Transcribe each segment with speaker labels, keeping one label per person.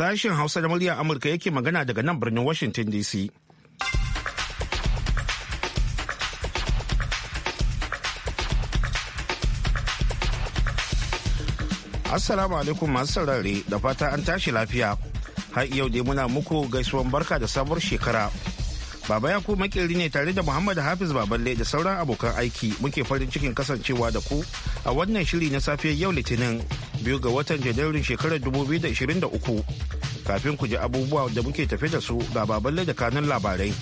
Speaker 1: Sashen Hausa da muryar Amurka yake magana daga nan birnin Washington DC. Assalamu alaikum masu saurare da fata an tashi lafiya. Har yau dai muna muku gaisuwan barka da sabuwar shekara. Baba ku makirri ne tare da Muhammad Hafiz Baballe da sauran abokan aiki muke farin cikin kasancewa da ku a wannan shiri na safiyar yau Litinin biyu ga watan janairun shekarar 2023 kafin ku ji abubuwa da muke tafe da su ga baballe da kanun labarai.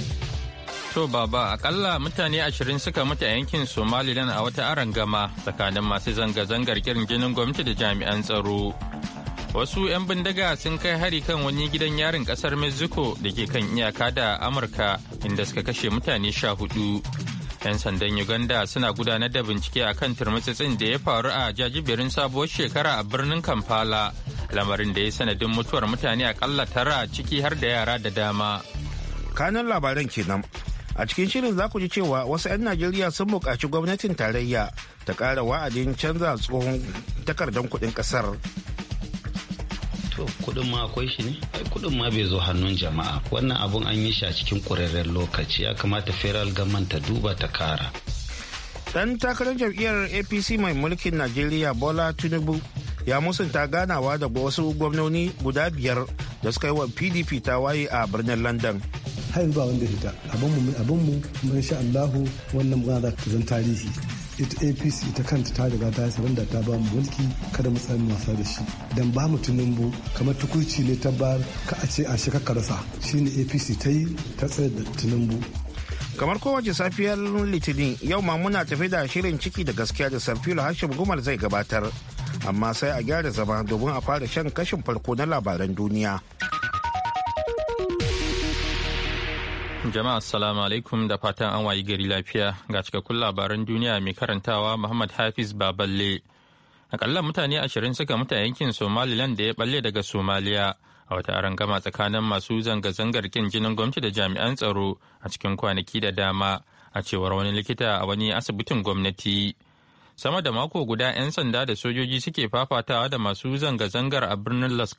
Speaker 2: To baba akalla mutane ashirin suka mutu a yankin Somaliland a wata aron gama tsakanin masu zanga-zangar kirin jinin gwamnati da jami'an tsaro. wasu 'yan bindiga sun kai hari kan wani gidan yarin kasar mexico da ke kan iyaka da amurka inda suka kashe mutane sha hudu 'Yan sandan Uganda suna gudanar da bincike a kan turmutsutsin da ya faru a jajiberin sabuwar shekara a birnin Kampala, lamarin da ya sanadin mutuwar mutane a akalla tara ciki har da yara da dama.
Speaker 1: Kanan labaran kenan. A cikin shirin za ku ji cewa wasu 'yan Najeriya sun buƙaci gwamnatin tarayya ta ƙara wa'adin canza tsohon takardar kuɗin ƙasar.
Speaker 3: to kudin ma akwai shi ne ai kudin ma bai zo hannun jama'a wannan abun an yi shi a cikin kurarren lokaci ya kamata federal government ta duba ta kara
Speaker 1: dan takarar jam'iyyar apc mai mulkin najeriya bola tinubu ya musanta ganawa da wasu gwamnoni guda biyar da suka yi wa pdp waye a birnin london
Speaker 4: har ba wanda fita abin mu sha Allahu wannan za ta tarihi ita apc ta kanta ta riga ta saranda ta ba mu mulki kada mu tsayin wasa da shi dan ba mu mu kamar tukuci ne ta bar ka a ce a shi ka rasa shine apc ta yi ta tsaye da mu
Speaker 1: kamar kowace safiyar litinin yau ma muna tafi da shirin ciki da gaskiya da sarfilo hashim gumar zai gabatar amma sai a gyara zama domin a fara shan kashin farko na labaran duniya.
Speaker 2: Jama'a assalamu alaikum da fatan an wayi gari lafiya ga cikakkun labaran duniya mai karantawa Muhammad Hafiz Baballe. Akalla mutane ashirin suka mutu a yankin Somaliland da ya balle daga Somaliya a wata arangama tsakanin masu zanga-zangar kin jinin gwamnati da jami'an tsaro a cikin kwanaki da dama a cewar wani likita a wani asibitin gwamnati. Sama da mako guda 'yan sanda da sojoji suke fafatawa da masu zanga-zangar a birnin Las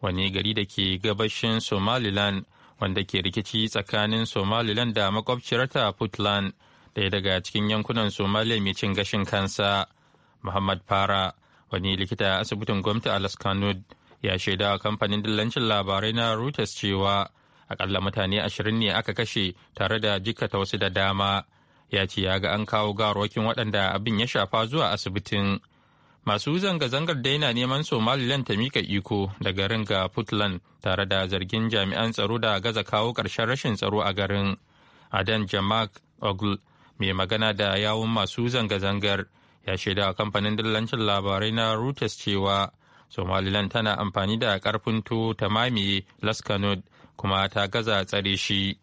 Speaker 2: wani gari da ke gabashin Somaliland wanda ke rikici tsakanin somaliland da makwabciyarta puntland ɗaya daga cikin yankunan somaliya mai cin gashin kansa muhammad fara wani likita a asibitin gwamnati a laskanud ya shaida a kamfanin dillancin labarai na reuters cewa akalla mutane ashirin ne aka kashe tare da jikkata wasu da dama ya ce ya ga an kawo gawarwakin waɗanda abin ya shafa zuwa asibitin Masu zanga-zangar daina neman Somaliland ta mika iko da garin ga Puntland tare da zargin jami'an tsaro da gaza kawo ƙarshen rashin tsaro a garin. Adan Jamak ogul mai magana da yawun masu zanga-zangar ya shaida a kamfanin dillancin labarai na Reuters cewa Somaliland tana amfani da karfin to ta mamaye Laskanud kuma ta gaza tsare shi.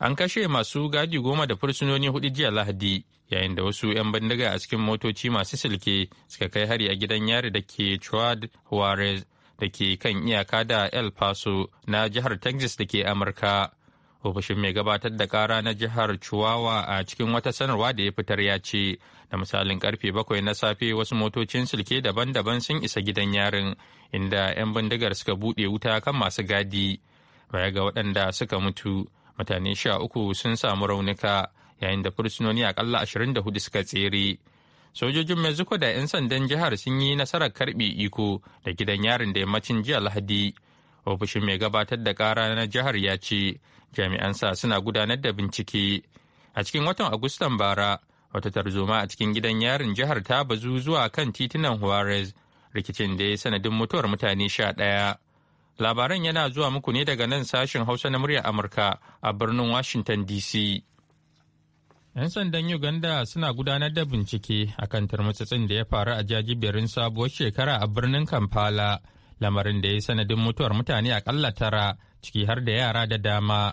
Speaker 2: an kashe masu gadi goma da fursunoni hudu jiya lahadi yayin da wasu 'yan bindiga a cikin motoci masu silke suka kai hari a gidan yari da ke chuad juarez da ke kan iyaka da el paso na jihar texas da ke amurka ofishin mai gabatar da kara na jihar chuwawa a cikin wata sanarwa da ya fitar ya ce da misalin karfe bakwai na safe wasu motocin silke daban-daban sun isa gidan yarin inda 'yan bindigar suka buɗe wuta kan masu gadi baya ga waɗanda suka mutu mutane sha uku sun samu raunuka yayin da fursunoni akalla ashirin da hudu suka tsere sojojin mexico da 'yan sandan jihar sun yi nasarar karbe iko da gidan yarin da yammacin jiya lahadi ofishin mai gabatar da kara na jihar ya ce jami'an sa suna gudanar da bincike a cikin watan agustan bara wata tarzoma a cikin gidan yarin jihar ta bazu zuwa kan titunan juarez rikicin da ya sanadin mutuwar mutane sha ɗaya Labaran yana zuwa muku ne daga nan sashen Hausa na muryar Amurka a birnin Washington DC. 'Yan sandan Uganda suna gudanar da bincike a kan turmutsutsin da ya faru a jajiberin sabuwar shekara a birnin Kampala, lamarin da ya yi sanadin mutuwar mutane akalla tara ciki har da yara da dama.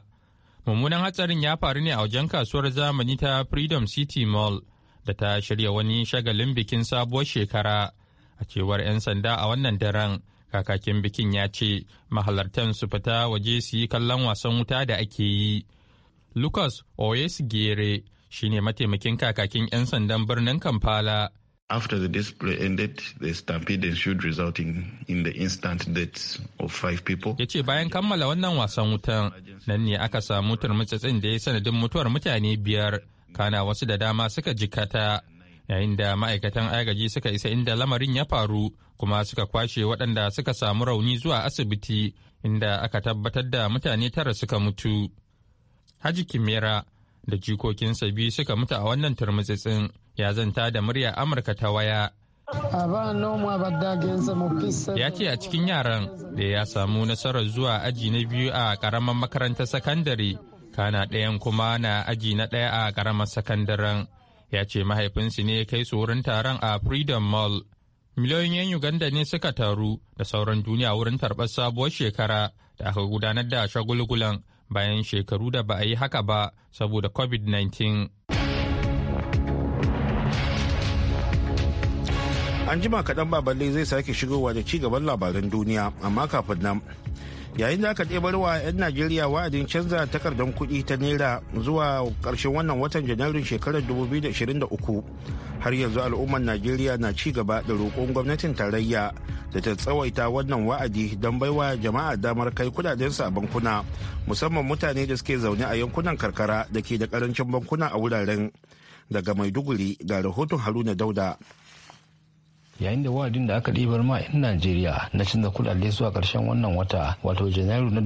Speaker 2: Mummunan hatsarin ya faru ne a wajen kasuwar zamani ta Freedom City Mall da ta shirya wani shagalin bikin sabuwar shekara. A cewar 'yan sanda a wannan daren, kakakin bikin ya ce mahalartan su fita waje su yi kallon wasan wuta da ake yi lucas oyesgere ne mataimakin kakakin 'yan sandan birnin kampala
Speaker 1: After the display ended, the stampede ensued resulting in the instant deaths of five people. Ya
Speaker 2: ce bayan kammala wannan wasan wutan, nan ne aka samu turmutsatsin da ya sanadin mutuwar mutane biyar, kana wasu da dama suka jikata. yayin da ma'aikatan agaji suka isa inda lamarin ya faru kuma suka kwashe waɗanda suka samu rauni zuwa asibiti inda aka tabbatar da mutane tara suka mutu. Haji Kimera da jikokinsa biyu suka mutu a wannan turmutsitsin ya zanta da murya Amurka ta waya. Ya ce a cikin yaran da ya samu nasarar zuwa aji na biyu a karamar makarantar sakandare, kana ɗayan kuma na aji na ɗaya a karamar sakandaren. ya ce mahaifinsu ne ya kai su wurin taron a freedom mall miliyoyin 'yan uganda ne suka taru da sauran duniya wurin tarbar sabuwar shekara da aka gudanar da shagulgulan bayan shekaru da ba a yi haka ba saboda covid-19
Speaker 1: an jima kaɗan baballe zai sake shigowa da ci gaban labaran duniya amma kafin nan yayin da aka ɗebar wa 'yan najeriya wa'adin canza takardar kuɗi ta naira zuwa ƙarshen wannan watan janairun shekarar 2023 har yanzu al'ummar najeriya na ci gaba da roƙon gwamnatin tarayya da ta tsawaita wannan wa'adi don baiwa jama'a damar kai kudadensu a bankuna musamman mutane da suke zaune a yankunan karkara da ke da ƙarancin bankuna a wuraren daga maiduguri ga rahoton haruna dauda
Speaker 5: yayin da wa'adin da aka ɗibar ma 'yan najeriya na canza kudade zuwa ƙarshen wannan wata wato janairu na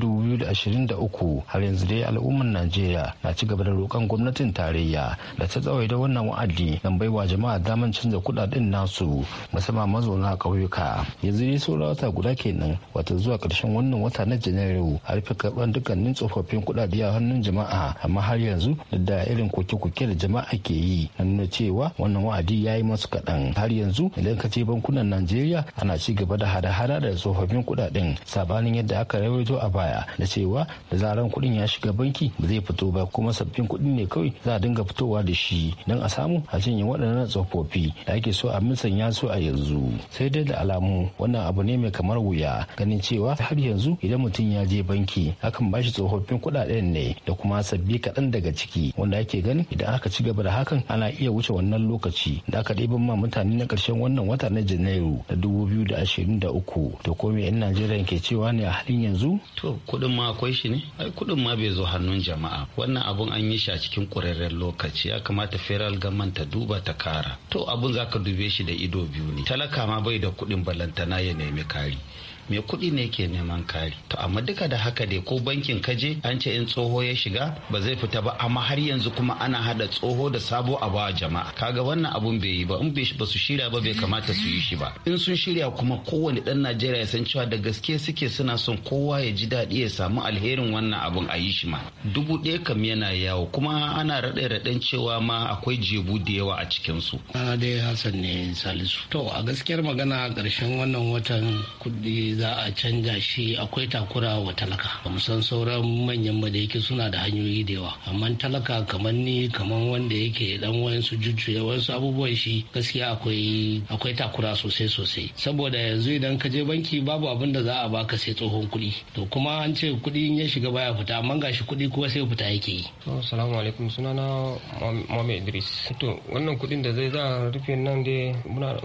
Speaker 5: uku har yanzu dai al'ummar najeriya na ci gaba da roƙon gwamnatin tarayya da ta da wannan wa'adi don wa jama'a daman canza kudaden nasu musamman mazauna a ƙauyuka yanzu dai saura wata guda kenan wato zuwa ƙarshen wannan wata na janairu a rufe karɓar dukkanin tsofaffin kudade a hannun jama'a amma har yanzu duk da irin koke-koke da jama'a ke yi na nuna cewa wannan wa'adi ya yi masu kaɗan har yanzu idan ka ce dai bankunan najeriya ana ci gaba da hada-hada da tsofaffin kudaden sabanin yadda aka rawaito a baya da cewa da zaran kudin ya shiga banki ba zai fito ba kuma sabbin kudin ne kawai za a dinga fitowa da shi don a samu a cinye waɗannan tsofaffi da ake so a ya su a yanzu sai dai da alamu wannan abu ne mai kamar wuya ganin cewa har yanzu idan mutum ya je banki akan shi tsofaffin kudaden ne da kuma sabbi kaɗan daga ciki wanda ake ganin idan aka ci gaba da hakan ana iya wuce wannan lokaci da aka ɗiban ma mutane na ƙarshen wannan wata na janairu da 2023 to komai yan najeriya ke cewa ne a halin yanzu to
Speaker 3: kudin ma akwai shi ne ai kudin ma bai zo hannun jama'a wannan abun an yi shi a cikin kurarren lokaci ya kamata federal government ta duba ta kara to abun zaka dube shi da ido biyu ne talaka ma bai da kudin balantana ya nemi kari mai kuɗi ne ke neman kari to amma duka da haka dai ko bankin kaje an ce in tsoho ya shiga ba zai fita ba amma har yanzu kuma ana hada tsoho da sabo a bawa jama'a kaga wannan abun bai yi ba in ba su shirya ba bai kamata su yi shi ba in sun shirya kuma kowane dan najeriya ya san cewa da gaske suke suna son kowa ya ji daɗi ya samu alherin wannan abun a yi shi ma dubu ɗaya kam yana yawo kuma ana raɗe raɗen cewa ma akwai jebu da yawa a cikin su.
Speaker 5: dai Hassan ne Salisu. To a gaskiyar magana a ƙarshen wannan watan kuɗi za a canja shi akwai takura wa talaka musan sauran manyan ba da yake suna da hanyoyi da yawa amma talaka kamar ni kamar wanda yake dan wayansu jujjuya wasu abubuwan shi gaskiya akwai akwai takura sosai sosai saboda yanzu idan ka je banki babu abin da za a baka sai tsohon kuɗi to kuma an ce kuɗi ya shiga
Speaker 4: baya fita amma gashi kuɗi kuma sai fita yake yi
Speaker 5: assalamu alaikum sunana Muhammad Idris to wannan kuɗin da zai za rufe nan dai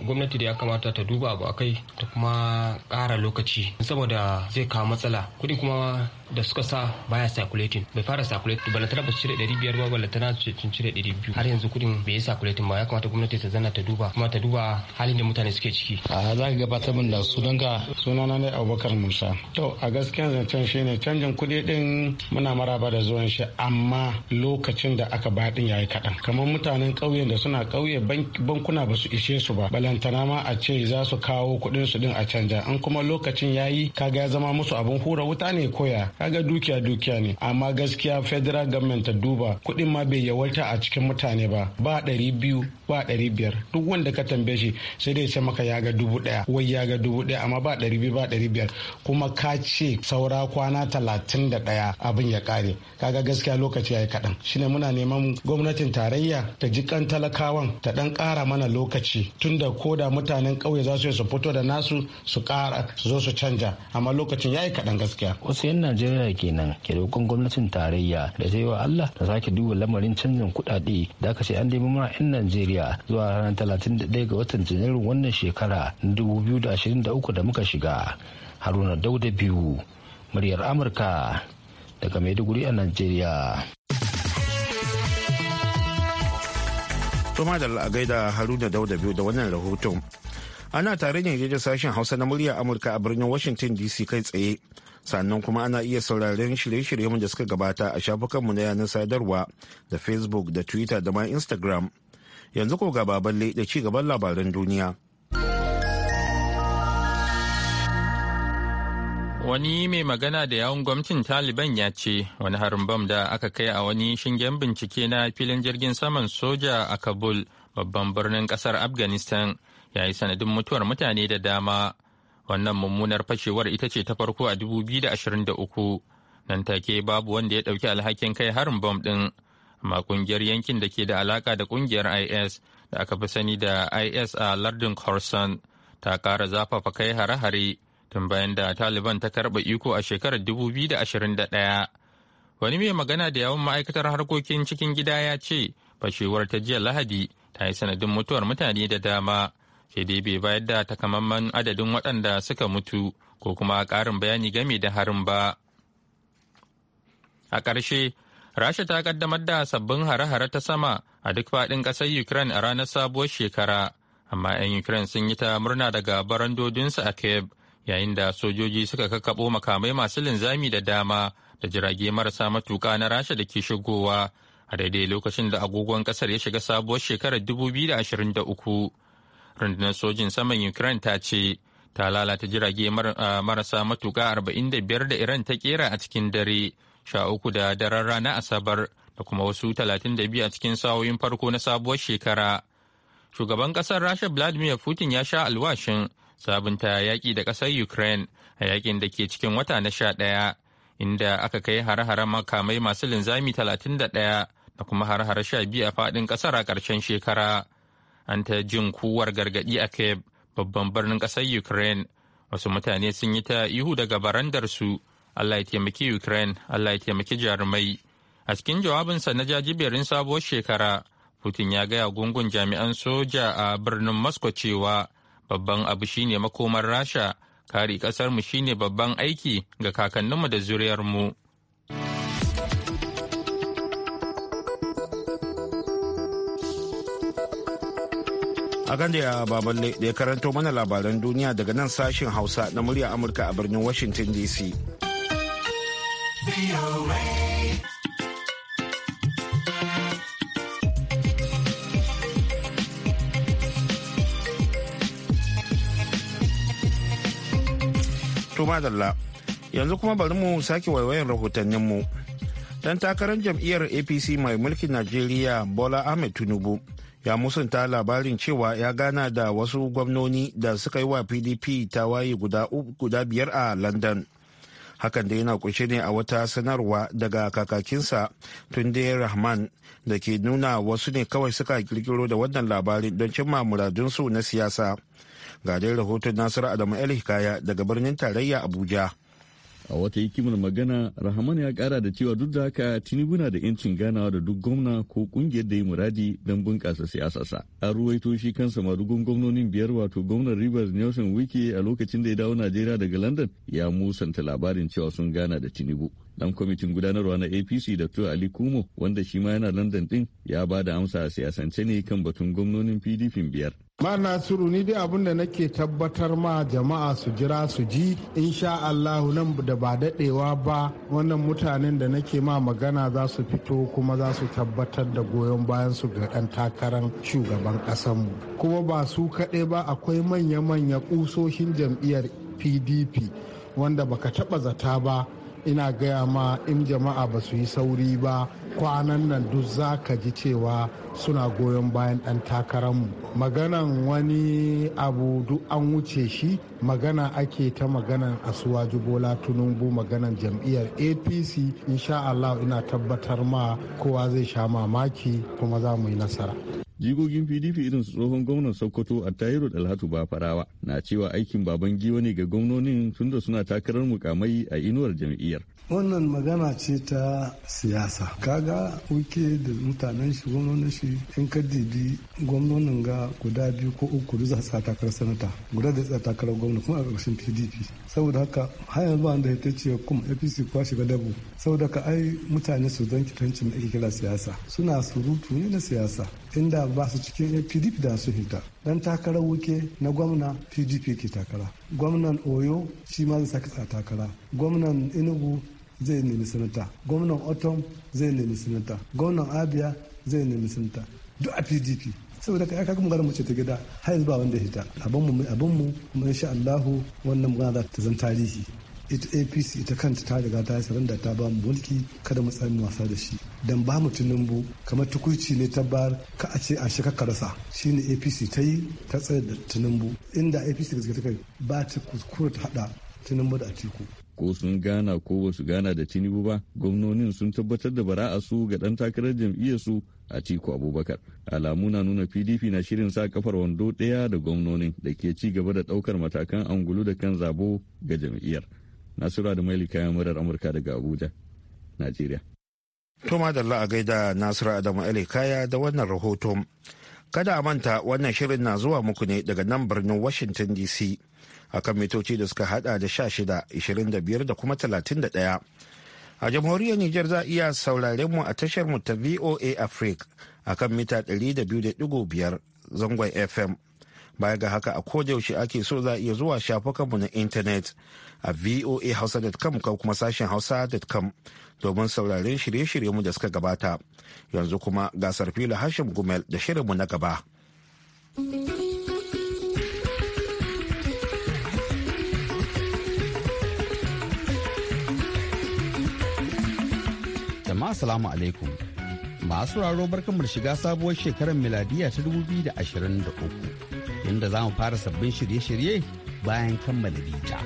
Speaker 5: gwamnati da ya kamata ta duba ba kai ta kuma ƙara lokaci lokaci saboda zai kawo matsala kuɗi kuma da suka sa baya circulating bai fara circulating balantana ba su cire ɗari biyar ba balantana su cin cire ɗari har yanzu kuɗin bai yi circulating ba ya kamata gwamnati ta zanna ta duba kuma ta duba halin da mutane suke ciki. a za ka gabatar
Speaker 6: min da su sunanka sunana ne abubakar musa to a gaskiya zancen shi ne canjin kuɗi ɗin muna maraba da zuwan shi amma lokacin da aka ba ɗin yayi kaɗan kamar mutanen ƙauyen da suna ƙauye bankuna ba su ishe su ba balantana ma a ce za su kawo kuɗinsu su ɗin a canja An kuma lokacin yayi kaga ya zama musu abun hura wuta ne koya kaga dukiya dukiya ne amma gaskiya federal government ta duba kuɗin ma bai yawaita a cikin mutane ba ba ɗari biyu ba ɗari biyar duk wanda ka tambaye shi sai dai ce maka ya ga dubu ɗaya wai ya ga dubu ɗaya amma ba ɗari biyu ba ɗari biyar kuma ka ce saura kwana talatin da ɗaya abin ya kare kaga gaskiya lokaci ya yi kaɗan shine muna neman gwamnatin tarayya ta ji kan talakawan ta ɗan ƙara mana lokaci tunda ko da mutanen ƙauye za su fito da nasu su ƙara su zo su canja amma lokacin ya yi kaɗan gaskiya.
Speaker 5: wasu yan najeriya najeriya kenan ke roƙon gwamnatin tarayya da ta yi wa allah ta sake duba lamarin canjin kuɗaɗe da aka ce an daimu a 'yan najeriya zuwa ranar 31 ga watan janairun wannan shekara na 2023 da muka shiga haruna dauda biyu muryar amurka
Speaker 1: daga maiduguri a najeriya Tuma da gaida Haruna Dauda biyu da wannan rahoton ana tare ne da sashen hausa na murya amurka a birnin washington dc kai tsaye sannan kuma ana iya sauraren shirye-shiryen da suka gabata a shafukanmu na yanar sadarwa da facebook da twitter da ma instagram yanzu ko gaba balle da ci gaban labaran duniya
Speaker 2: wani mai magana da yawon gwamnatin taliban ya ce wani harin bam da aka kai a wani shingen bincike na filin jirgin saman soja a kabul babban birnin kasar afghanistan ya yi sanadin mutuwar mutane da dama wannan mummunar fashewar ita ce ta farko a 2023 nan take babu wanda ya dauki alhakin kai harin bom ɗin amma ƙungiyar yankin da ke da alaka da ƙungiyar is da aka fi sani da is a lardin corson ta kara zafafa kai hare-hare tun bayan da taliban ta karba iko a shekarar 2021 wani mai magana da yawan ma'aikatar harkokin cikin gida ya ce fashewar ta jiya lahadi ta yi sanadin mutuwar mutane da dama sai dai bai bayar da takamaiman adadin waɗanda suka mutu ko kuma ƙarin bayani game da harin ba a ƙarshe rasha ta ƙaddamar da sabbin hare-hare ta sama a duk faɗin ƙasar ukraine a ranar sabuwar shekara amma 'yan ukraine sun yi ta murna daga barandodinsu a kiev yayin da sojoji suka kakkaɓo makamai masu linzami da dama da jirage marasa matuƙa na rasha da ke shigowa a daidai lokacin da agogon ƙasar ya shiga sabuwar shekarar 2023 rundunar sojin saman ukraine ta ce ta lalata jirage ah, marasa matuka 45 da iran ta kera a cikin dare sha uku da daren rana asabar da kuma wasu 32 a cikin sa'o'in farko na sabuwar shekara shugaban kasar rasha vladimir putin ya sha alwashin sabunta yaƙi da ƙasar ukraine a yaƙin da ke cikin wata na sha ɗaya inda aka kai hare-hare makamai masu linzami 31 da kuma har hare sha biyu a faɗin ƙasar a ƙarshen shekara an ta jin kuwar gargaɗi a kiev babban birnin ƙasar ukraine wasu mutane sun yi ta ihu daga barandarsu allah ya taimaki ukraine allah ya taimaki jarumai a cikin jawabinsa na jajiberin sabuwar shekara putin ya gaya gungun jami'an soja a birnin moscow cewa babban abu shine makomar rasha kare ƙasarmu shine babban aiki ga kakanninmu da zuriyarmu. mu
Speaker 1: a ganda ya baballe da ya karanto mana labaran duniya daga nan sashen hausa na murya amurka a birnin washington dc Tumadalla yanzu kuma bari mu sake waiwayin rahotanninmu dan takarar jam'iyyar apc mai mulkin najeriya bola ahmed tinubu ya musanta labarin cewa ya gana da wasu gwamnoni da suka yi wa pdp tawaye guda, guda biyar a london hakan da yana kunshe ne a wata sanarwa daga kakakinsa tunde rahman da ke nuna wasu ne kawai suka kirkiro da wannan labarin don cimma muradunsu na siyasa ga dai rahoton nasiru adamu
Speaker 7: el hikaya daga birnin tarayya abuja a wata hikimar magana rahman ya kara da cewa duk da haka tinubu na da yancin ganawa da duk gwamna ko kungiyar da ya muradi don bunƙasa siyasarsa an ruwaito shi kansa madugun gwamnonin biyar wato gwamnan rivers nelson wike a lokacin da ya dawo najeriya daga london ya musanta labarin cewa sun gana da tinubu dan kwamitin gudanarwa na apc da tuwa ali kumo wanda shi ma yana london din ya ba da amsa a siyasance ne kan batun gwamnonin pdp biyar
Speaker 1: ma nasiru ni dai abin da nake tabbatar ma jama'a su jira su ji insha allahu nan da ba daɗewa ba wannan mutanen da nake ma magana za su fito kuma za su tabbatar da goyon bayan su ga ɗan takarar shugaban ƙasanmu kuma ba su kaɗai ba akwai manya-manya ƙusoshin jam'iyyar pdp wanda baka taɓa zata ba ina gaya ma in jama'a ba su yi sauri ba kwanan nan duk za ka ji cewa suna goyon bayan ɗan takararmu maganan wani abu duk an wuce shi magana ake ta maganan asuwa bola tunubu maganan jam'iyyar apc insha allah ina tabbatar ma kowa zai sha mamaki kuma za mu yi nasara
Speaker 7: jigogin pdp irin su tsohon gwamnan sokoto a tahiru dalhatu ba farawa na cewa aikin baban giwa ne ga gwamnonin tunda suna takarar mukamai a inuwar jam'iyyar
Speaker 4: wannan magana ce ta siyasa kaga kuke da mutanen shi gwamnonin shi in ka dibi gwamnonin ga guda biyu ko uku da za takarar sanata guda da za takarar gwamna kuma a ƙarshen pdp saboda haka har zuwa ba da ta ce kuma apc kwa shiga dabo saboda ka ai mutane su zanki tancin da ake kira siyasa suna surutu ne na siyasa inda ba su cikin pdp da su hita dan takarar wuke na gwamna pdp ke takara gwamnan oyo shi ma zai saka takara gwamnan enugu zai nemi sanata gwamnan otom zai nemi sanata gwamnan abia zai nemi sanata duk a pdp saboda kai aka kuma gara mace ta gida har yanzu ba wanda hita abin mu abin mu kuma insha Allahu wannan magana za ta zan tarihi ita APC ita kanta ta riga ta yi saranda ta ba mulki kada mu tsami wasa da shi don ba mu tunumbu kamar tukuici ne ta bar ka a ce an shi rasa shine apc ta yi ta tsaye da tunumbu inda apc gaske ta kai ba ta kuskure ta hada tunumbu da atiku
Speaker 7: ko sun gana ko ba gana da tinubu ba gwamnonin sun tabbatar da bara'a su ga dan takarar jam'iyyar su a tiku abubakar alamu na nuna pdp na shirin sa kafar wando daya da gwamnonin da ke ci gaba da ɗaukar matakan angulu da kan zabo ga jam'iyyar nasiru da maili kayan murar amurka daga abuja najeriya Toma da a gaida Nasiru Adamu Alikaya da wannan rahoto
Speaker 1: Kada a manta wannan shirin na zuwa muku ne daga nan birnin Washington DC a kan mitoci da suka hada da sha shida, 25 da kuma 31. A jamhuriyar Nijar za a iya sauraren mu a tashar mu ta VOA Africa a kan mita biyar zangon FM. baya ga haka a kodayaushe ake so za a iya zuwa shafukanmu na intanet a voahausa.com ko kuma sashen hausa.com domin sauraren shirye-shiryenmu da suka gabata yanzu kuma gasar filo hashim gumel da shirinmu na gaba.
Speaker 6: jama'a salamu alaikum masu raro mu da shiga sabuwar shekarar miladiya ta 2023 inda za mu fara sabbin shirye-shirye bayan kammala bita.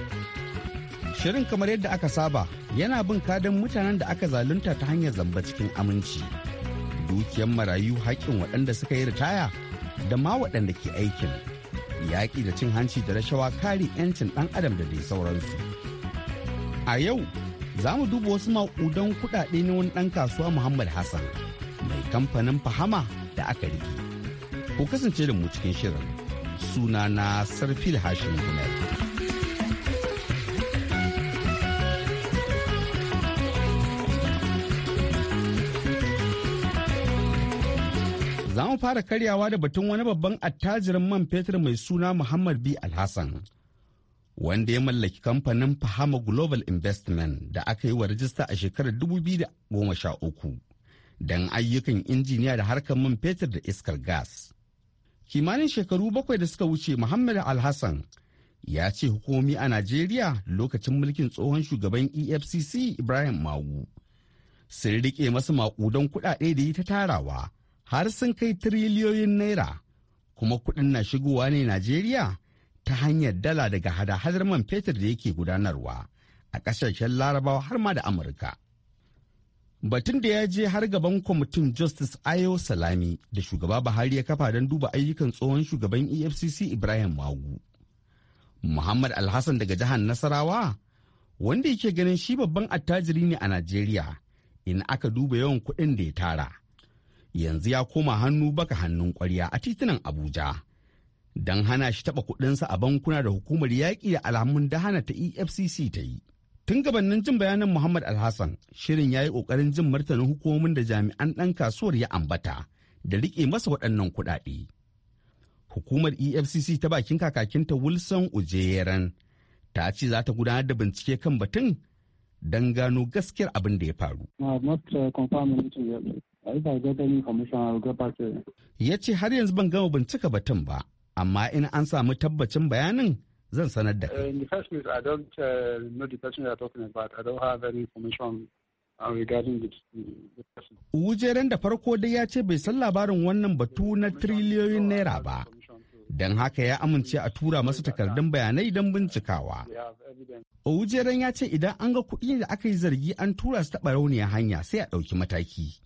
Speaker 6: Shirin kamar yadda aka saba yana bin kadan mutanen da aka zalunta ta hanyar zamba cikin aminci. Dukiyar marayu haƙƙin waɗanda suka yi ritaya da ma waɗanda ke aikin. Yaƙi da cin hanci da rashawa kare 'yancin ɗan adam da dai sauransu. A yau za mu duba wasu maƙudan kuɗaɗe na wani ɗan kasuwa Muhammad Hassan mai kamfanin Fahama da aka rike. Ku kasance da mu cikin shirin. suna na sarfil hashin gumel za mu fara karyawa da batun wani babban attajirin man fetur mai suna muhammad b alhassan wanda ya mallaki kamfanin Fahama Global Investment da aka yi wa rajista a shekarar 2013 don ayyukan injiniya da harkar man fetur da iskar gas. kimanin shekaru bakwai da suka wuce muhammad alhassan ya ce hukumomi a najeriya lokacin mulkin tsohon shugaban efcc ibrahim magu sun riƙe masu maƙudan kuɗaɗe da yi ta tarawa har sun kai tiriliyoyin naira kuma kuɗin na shigowa ne najeriya ta hanyar dala daga hada-hadar man fetur da yake gudanarwa a ƙasashen larabawa har ma da amurka Batun da ya je har gaban kwamitin Justice Ayo Salami da shugaba Buhari ya kafa don duba ayyukan tsohon shugaban EFCC Ibrahim Magu. Muhammad Alhassan daga jihar Nasarawa, wanda yake ganin shi babban attajiri ne a Najeriya, in aka duba yawan kuɗin da ya tara. Yanzu ya koma hannu baka hannun kwarya a titunan Abuja. Don hana shi taɓa kuɗinsa a bankuna da hukumar yaƙi da alhamun da hana ta EFCC ta yi. Tun gabanin jin bayanin Muhammad Alhassan, shirin ya yi ƙoƙarin jin martanin hukumomin da jami'an ɗan kasuwar ya ambata da riƙe masa waɗannan kuɗaɗe. Hukumar EFCC ta bakin kakakinta Wilson Ujeren ta ce za ta gudanar da bincike kan batun don gano gaskiyar abin da ya faru. Uh, ya ce har yanzu ban gama bincika batun ba, amma in an samu tabbacin bayanin zan sanar da kai.
Speaker 4: Uh, in the first place, I don't uh, know the person you are talking about. I don't have any information uh,
Speaker 6: Wujeren da farko dai ya ce bai san labarin wannan batu na triliyoyin naira ba, don haka ya amince a tura masu takardun bayanai don bincikawa. Wujeren ya ce idan an ga kuɗi da aka yi zargi an tura su taɓa rauniyar hanya sai a ɗauki mataki.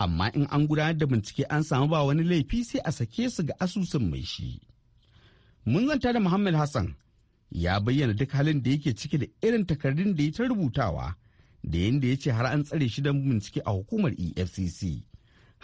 Speaker 6: Amma in an gudanar da bincike an samu ba wani laifi sai a sake su ga asusun mai shi. mun zanta da muhammad hassan ya bayyana duk halin da yake ciki da irin takardun da ya ta rubutawa da yadda ya ce har an tsare shi don bincike a hukumar efcc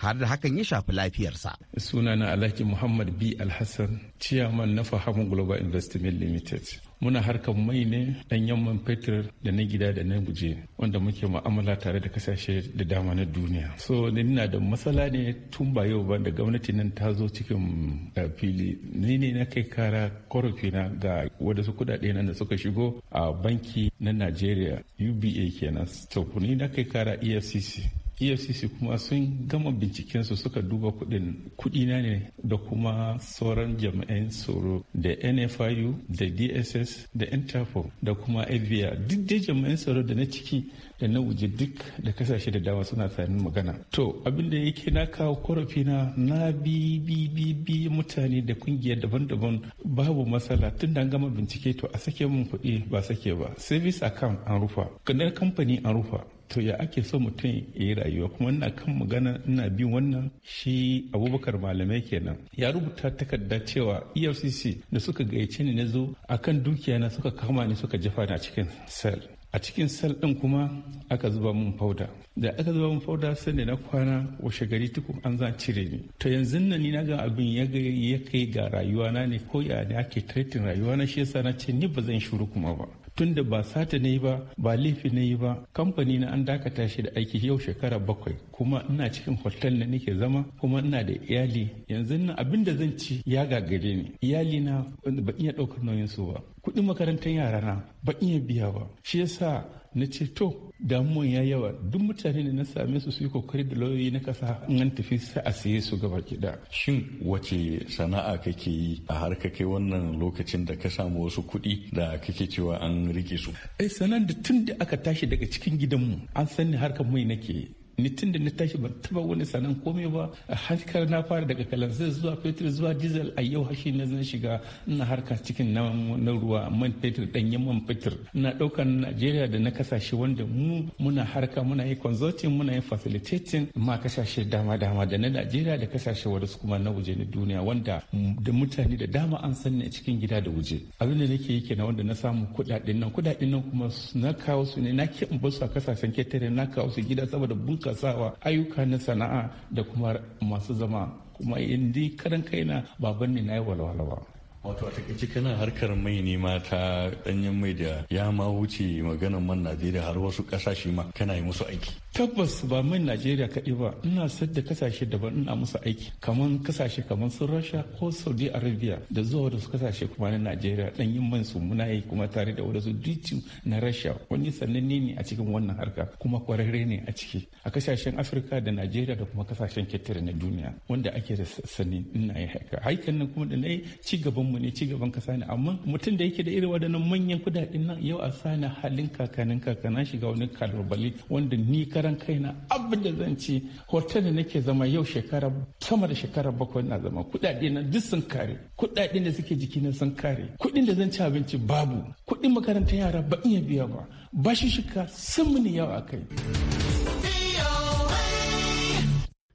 Speaker 6: har da hakan ya shafi lafiyarsa.
Speaker 8: Sunana Alhaji Muhammad B. Alhassan, ciyaman na Fahamun Global Investment Limited. Muna harkar mai ne ɗan yamman fetur da na gida da na guje wanda muke mu'amala tare da kasashe da dama na duniya. So nina da matsala ne tun ba yau ba da gwamnati nan ta zo cikin eh, fili. Ni ne na kai kara korafina ga wadansu kuɗaɗe nan da suka shigo a banki na Najeriya UBA kenan. To ni na kai kara EFCC. efcc kuma sun gama bincikensu suka duba kudin kudina ne da kuma sauran jami'an tsaro da nfiu da dss da interpol da kuma fbi duk dai jami'an tsaro da na ciki da na wuje duk da kasashe da dama suna tsanin magana to abin da yake na kawo korafi na na bi bi bi mutane da kungiyar daban-daban babu matsala tun da gama bincike to a sake mun kuɗi ba sake ba service account an rufa kanar kamfani an rufa to ya ake so mutum ya yi rayuwa kuma ina kan magana ina bin wannan shi abubakar malamai kenan ya rubuta takarda cewa efcc da suka gayyace ni na zo akan dukiya na suka kama ni suka jefa ni a cikin sel a cikin sel ɗin kuma aka zuba min fauda da aka zuba mun fauda sai ne na kwana washe gari tuku an za cire ni to yanzu nan ni na ga abin ya kai ga rayuwa na ne ko ya ne ake tretin rayuwa na shi yasa na ce ni ba zan shuru kuma ba tunda ba sata na yi ba ba laifi na yi ba kamfani na an dakata shi da aiki yau shekara bakwai kuma ina cikin hotel na nake zama kuma ina da iyali yanzu nan abin da zan ci ya gagare ni iyali na ba iya ɗaukar nauyin su ba kuɗin makarantar yara na ba iya biya ba shi yasa na ce to damuwan ya yawa duk mutane da na same su su yi kokari da lauyoyi na kasa
Speaker 7: in an tafi sai a saye su gaba kida shin wace sana'a kake yi a har kai wannan lokacin da ka samu wasu kuɗi da kake cewa an rike su eh sanan da tun da aka tashi daga cikin gidanmu an san ni harkar
Speaker 8: mai nake ni tun da na tashi ban taba wani sanan komai ba harkar na fara daga kalanzir zuwa fetur zuwa diesel a yau hashi na zan shiga ina harka cikin na ruwa man fetur danye man fetur na daukan najeriya da na kasashe wanda mu muna harka muna yi consulting muna yi facilitating ma kasashe dama dama da na najeriya da kasashe wadda su kuma na waje na duniya wanda da mutane da dama an san a cikin gida da waje abin da nake yi kenan wanda na samu kudaden nan kudaden nan kuma na kawo su ne na ke in su a kasashen ketare na kawo su gida saboda bunka bunkasawa ayyuka na sana'a da kuma masu zama kuma indi karan kaina baban ne na yi walwala ba
Speaker 7: wato a takaice kana harkar mai ne ma ta danyen mai da ya ma wuce maganar man najeriya har wasu kasashe ma kana yi musu aiki
Speaker 8: tabbas ba mai najeriya kaɗai ba ina da kasashe daban ina musu aiki kamar kasashe kamar su rasha ko saudi arabia da zuwa wasu kasashe kuma na najeriya dan yin man su muna yi kuma tare da wadansu Dutu na rasha wani sananne ne a cikin wannan harka kuma kwararre ne a ciki a kasashen afirka da najeriya da kuma kasashen ketare na duniya wanda ake da sani ina yi haka haikan nan kuma da na ci gaban mu ne ci gaban kasa ne amma mutum da yake da irin waɗannan manyan kudaden nan yau a sani halin kakanin kakana shiga wani kalubale wanda ni ka karan kaina abin da zan ci hotel da nake zama yau shekara sama da shekara bakwai na zama kuɗaɗe na duk sun kare kuɗaɗe da suke jiki na sun kare kuɗin da zan ci abinci babu kuɗin makarantar yara ba iya biya ba bashi shika sun mini yawa kai.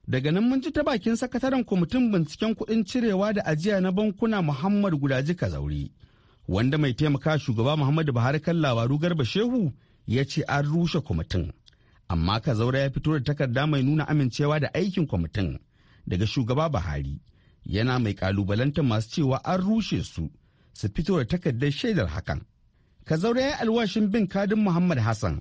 Speaker 6: Daga nan mun ji ta bakin sakataren kwamitin binciken kuɗin cirewa da ajiya na bankuna Muhammad Gudaji zauri wanda mai taimaka shugaba Muhammadu Buhari kan labaru Garba Shehu ya ce an rushe kwamitin. amma kazaura ya fito da takarda mai nuna amincewa da aikin kwamitin daga shugaba buhari yana mai kalubalanta masu cewa an rushe su su fito da takardar shaidar hakan kazaura ya alwashin bin kadin muhammad hassan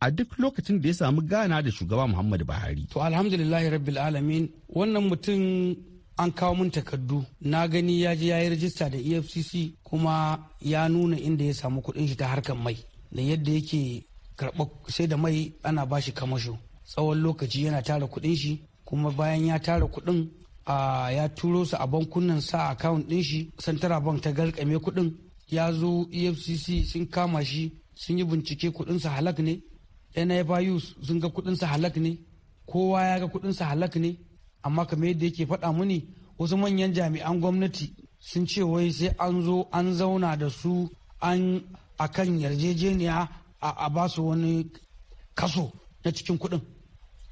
Speaker 6: a duk lokacin da ya samu gana da shugaba muhammad buhari
Speaker 9: to alhamdulillahi rabbil alamin wannan mutum an kawo min takardu na gani ya je ya yi rajista da efcc kuma ya nuna inda ya samu kuɗin shi ta harkar mai da yadda yake karɓar sai da mai ana ba shi kamasho tsawon lokaci yana tara kuɗin shi kuma bayan ya tara kuɗin a ya turo su a bankunan sa account ɗin shi santara bank ta garkame kuɗin ya zo efcc sun kama shi sun yi bincike kuɗinsa halak ne nfiu sun ga kuɗinsa halak ne kowa ya ga kuɗinsa halak ne amma kamar yadda yake faɗa muni wasu manyan jami'an gwamnati sun ce wai sai an zo an zauna da su an akan yarjejeniya a ba su wani kaso na cikin kuɗin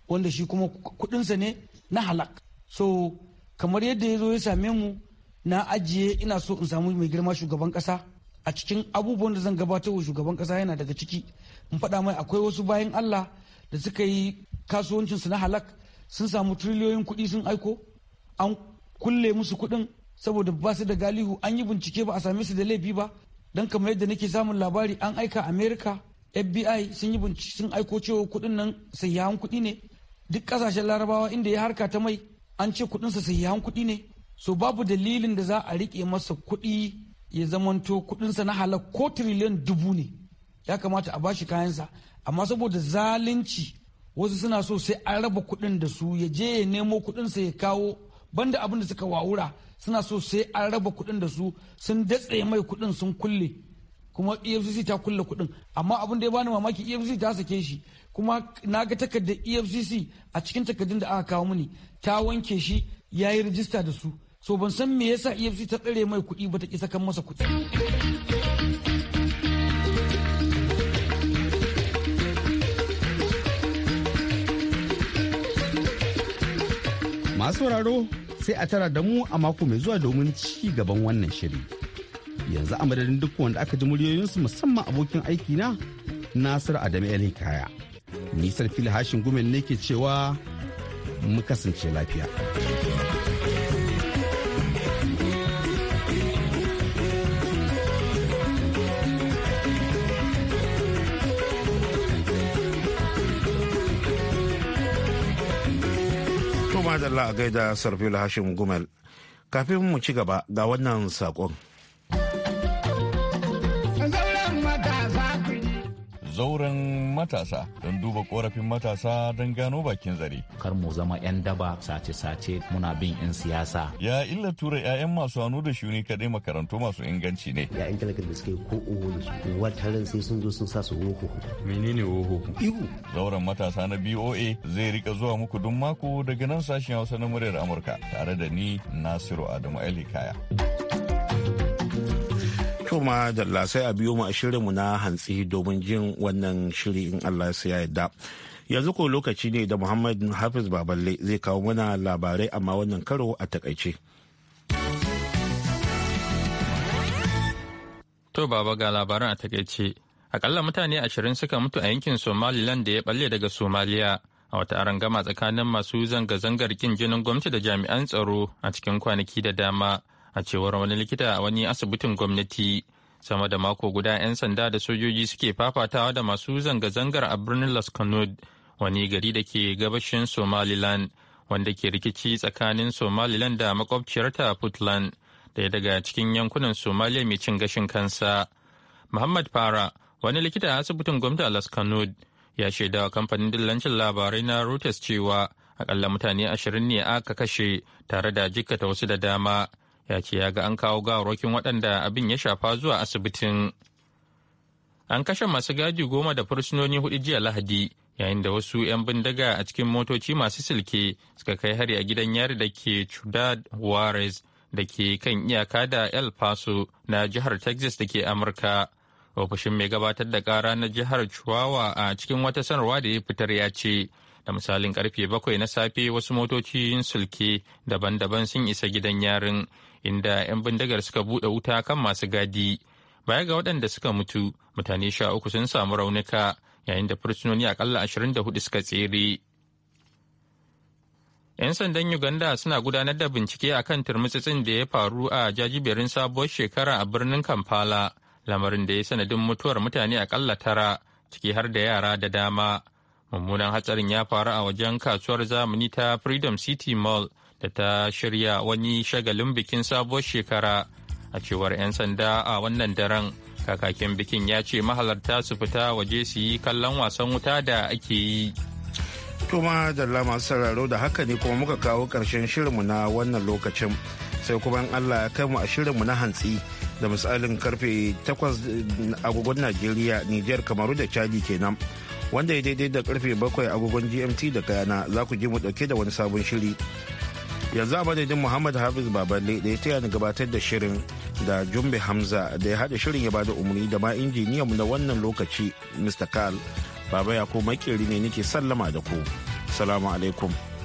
Speaker 9: wanda shi kuma kuɗinsa ne na halak so kamar yadda ya zo ya same mu na ajiye ina so in samu mai girma shugaban ƙasa a cikin abubuwan da zan gabatar wa shugaban ƙasa yana daga ciki in faɗa mai akwai wasu bayan allah da suka yi kasuwancinsu na halak sun samu triliyoyin kuɗi sun aiko an kulle musu kuɗin saboda ba su da galihu an yi bincike ba a same su da laifi ba don kamar yadda nake samun labari an aika amerika FBI sun yi bincike sun aiko cewa kuɗin nan sayyahan kuɗi ne duk ƙasashen larabawa inda ya harka ta mai an ce kuɗinsa sayyahan kuɗi ne so babu dalilin da za a riƙe masa kuɗi ya zamanto kuɗinsa na halak ko tiriliyan dubu ne ya kamata a bashi kayansa amma saboda zalunci wasu suna so sai an raba kuɗin da su ya je ya nemo kuɗinsa ya kawo banda abin da suka wawura suna so sai an raba kuɗin da su sun datse mai kuɗin sun kulle kuma efcc ta kulle kuɗin amma abin da ya bani mamaki efcc ta sake shi kuma na ga takardar efcc a cikin takardun da aka kawo mini ta wanke shi ya yi rijista da su so ban san me yasa efcc ta tsare mai kuɗi ba ta ƙi sakan masa kuɗi
Speaker 6: masu sauraro sai a tara da mu a mako mai zuwa domin ci gaban wannan shiri. yanzu a madadin duk wanda aka ji muryoyinsu musamman abokin aiki na nasir adam hikaya nisar fili hashin gumen ne ke cewa mu kasance lafiya
Speaker 1: Kuma da gaida da Sarfila hashin Gumel,
Speaker 7: kafin mu ci gaba ga wannan sakon. zauren matasa don duba korafin matasa don gano bakin zare. Kar mu zama 'yan daba sace-sace muna bin 'yan siyasa. Ya illa tura 'ya'yan masu hannu da shuni kaɗai makarantu masu inganci ne. 'Ya'yan talakar da suke ko oho da su wataran sai sun zo sun sa su woho. Menene woho? Ihu. Zauren matasa na BOA zai rika zuwa muku duk mako daga nan sashen Hausa na muryar Amurka tare da ni Nasiru Adamu Ali Kaya.
Speaker 1: To ma dalla sai a biyo mu a shirinmu na hantsi domin jin wannan shiri in Allah ya yarda. Yanzu ko lokaci ne da Muhammad Hafiz Baballe zai kawo mana labarai amma wannan karo a takaice.
Speaker 2: To baba ga labaran a takaice. Akalla mutane ashirin suka mutu a yankin Somaliland da ya balle daga Somaliya. a wata arangama tsakanin masu zanga-zangar kin jinin gwamnati da jami'an tsaro a cikin kwanaki da dama a cewar wani likita a wani asibitin gwamnati sama da mako guda 'yan sanda da sojoji suke fafatawa da masu zanga-zangar a birnin las wani gari da ke gabashin somaliland wanda ke rikici tsakanin somaliland da makwabciyarta puntland daya daga cikin yankunan somaliya mai cin gashin kansa muhammad fara wani likita a asibitin gwamnati a las ya shaida wa kamfanin dillancin labarai na reuters cewa akalla mutane ashirin ne aka kashe tare da jikkata wasu da dama ya ce ya ga an kawo gawarwakin waɗanda abin ya shafa zuwa asibitin an kashe masu gadi goma da fursunoni hudu jiya lahadi yayin da wasu 'yan bindiga a cikin motoci masu silke suka kai hari a gidan yari da ke Chudad juarez da ke kan iyaka da el paso na jihar texas da ke amurka ofishin mai gabatar da kara na jihar chihuahua a cikin wata sanarwa da ya fitar ya ce da misalin karfe bakwai na safe wasu yin sulke daban-daban sun isa gidan yarin inda 'yan bindigar suka buɗe wuta kan masu gadi baya ga waɗanda suka mutu mutane sha uku sun samu raunuka yayin da fursunoni akalla 24 suka tsere 'yan sandan uganda suna gudanar da bincike a kan turmutsitsin da ya faru a jajiberin sabuwar shekara a birnin kampala lamarin da ya sanadin mutuwar mutane akalla tara ciki har da yara da dama mummunan hatsarin ya faru a wajen kasuwar zamani ta freedom city mall da ta shirya wani shagalin bikin sabuwar shekara a cewar 'yan sanda a wannan daren kakakin bikin ya ce mahalarta su fita waje su yi kallon wasan wuta da ake yi
Speaker 1: kuma da masu sauraro da haka ne kuma muka kawo ƙarshen shirinmu na wannan lokacin sai kuma allah ya kai mu a shirinmu na hantsi da misalin karfe 8 eh, agogon najeriya nijar kamaru da chadi kenan wanda ya daidai da karfe 7 agogon gmt da gana za ku ji mu dauke da wani sabon shiri yanzu a madadin muhammad hafiz baballe da ya taya ni gabatar da shirin da jumbe hamza da ya haɗa shirin ya bada umarni da ma mu na wannan lokaci mr karl baba ya ko makeri ne nake sallama da ku salamu alaikum